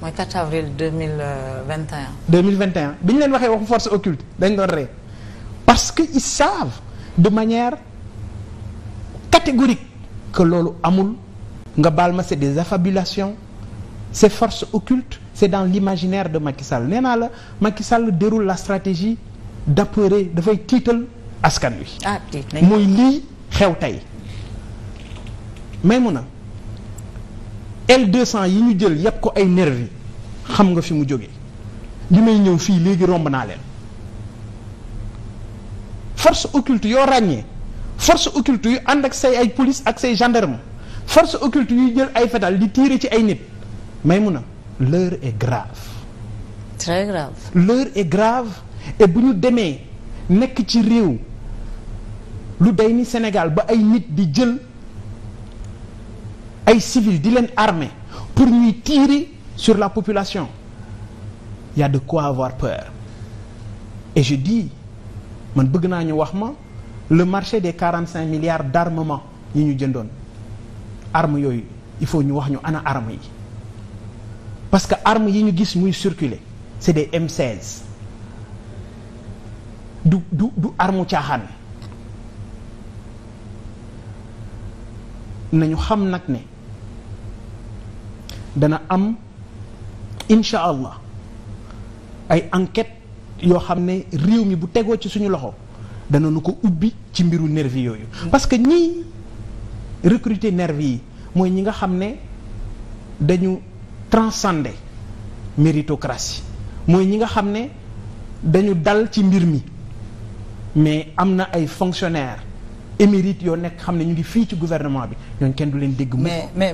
mooy 4 avril 2021. 2021 bi ñu leen waxee waxu force occulte dañ doon ree parce que ils savent de manière catégorique que loolu amul nga baal ma c'est des affabulations c'est force occulte c'est dans l'imaginaire de Macky Sall nee naa la Macky Sall déroule la stratégie d'apeurer dafay tiital askan wi. ah tiit nañ mooy lii xew tey Maymuna L200 yi ñu jël yàpp ko ay nervi xam nga fi mu jógee li may ñëw fii léegi romb naa leen force occulte yoo ràññee force occulte yu ànd ak say ay police ak say gendarme force occulte yuy jël ay fetal di tiire ci ay nit may mun a l'heure et grave très et grave et bu ñu demee nekk ci réew lu day ni Sénégal ba ay nit di jël ay civils di leen armer pour ñuy tirer sur la population il de quoi avoir peur et je dis man bëgg naa ñu wax ma le marché des quarante cinq milliards d'armement yi ñu jëndoon armes yooyu il faut ñu wax ñu ana arme yi parce que armes yi ñu gis muy circuler c'est des M16 du du du armu caaxaan nañu xam nag ne dana am incha allah ay enquête yoo xam ne réew mi bu tegoo ci suñu loxo dana nu ko ubbi ci mbiru nervi yooyu parce que ñiy recruter nervi yi mooy ñi nga xam ne dañu transcender méritocratie mooy ñi nga xam ne dañu dal ci mbir mi mais am na ay fonctionnaires émérites yoo nekk xam ne ñu ngi fii ci gouvernement bi ñooñ kenn du leen dégg mu